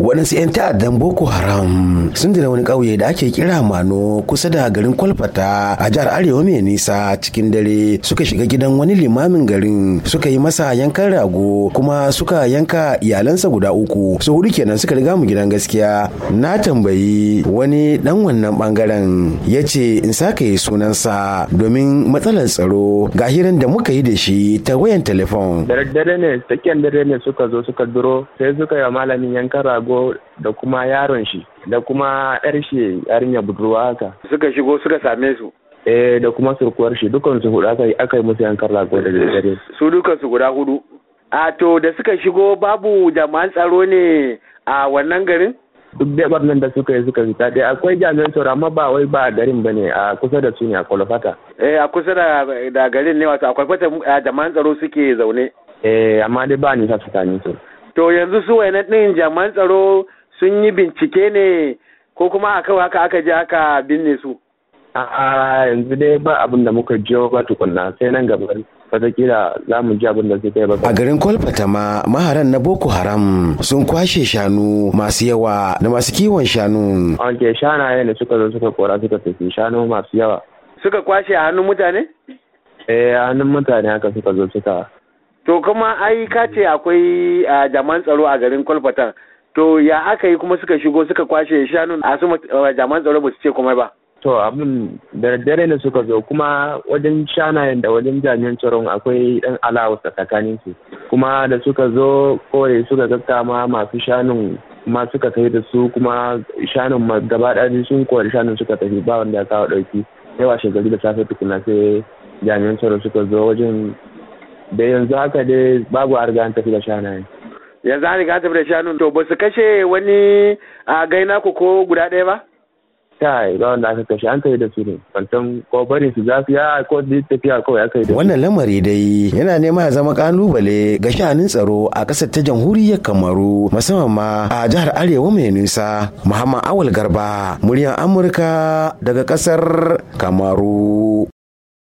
waɗansu 'yan ta'addan boko haram sun dira wani ƙauye da ake kira mano kusa da garin kwalfata a jihar arewa mai nisa cikin dare suka shiga gidan wani limamin garin suka yi masa yankan rago kuma suka yanka iyalansa guda uku su hudu kenan suka riga mu gidan gaskiya na tambayi wani dan wannan bangaren ya ce in saka yi sunansa domin matsalar tsaro ga hirin da muka yi da shi ta wayan telefon. Dare ne, tsakiyar dare ne suka zo suka duro sai suka yi wa malamin yankan rago shigo da kuma yaron shi da kuma yar shi yarinya budurwa haka suka shigo suka same su eh da kuma surkuwar shi dukkan su hudu aka yi aka yi musu yankar rago da dare su dukkan su guda hudu a to da suka shigo babu jama'an tsaro ne a wannan garin duk da barnan da suka yi suka fita dai akwai jami'an tsaro amma ba wai ba garin ba ne a kusa da su ne a kwalfata eh a kusa da garin ne wato a fata eh, jama'an tsaro suke zaune eh amma dai ba ni sa tsakanin su to yanzu su wayanan ɗin jaman tsaro sun yi bincike ne ko kuma a kawai haka aka je aka binne su a yanzu dai ba abin da muka jiyo ba tukunna sai nan gaba fatakila za mu ji abin da suka kai ba. A garin kwalfata ma maharan na Boko Haram sun kwashe shanu masu yawa da masu kiwon shanu. shana shanaye da suka zo suka kora suka tafi shanu masu yawa. Suka kwashe a hannun mutane? Eh a hannun mutane haka suka zo suka to kuma ai ka ce akwai jaman tsaro a garin kwalfatan to ya aka yi kuma suka shigo suka kwashe shanun a su jaman tsaro ba su ce kuma ba to abin da dare ne suka zo kuma wajen shanayen da wajen jami'an tsaron akwai dan alawus a tsakanin su kuma da suka zo kawai suka gaggama masu shanun ma suka kai da su kuma shanun gaba ɗaya sun kori shanun suka tafi ba wanda ya kawo ɗauki yawa shekaru da safe tukuna sai jami'an tsaro suka zo wajen da yanzu haka dai babu a riga an tafi da shanaye yanzu an riga an tafi da shanun to ba su kashe wani a gaina ku ko guda ɗaya ba kai ba wanda aka kashe an tafi da su ne kwanton ko barin su su ya ko tafiya kawai aka yi da wannan lamari dai yana nema ya zama kalubale ga shanun tsaro a ƙasar ta jamhuriyar kamaru musamman ma a jihar arewa mai nisa muhammad awal garba muryar amurka daga ƙasar kamaru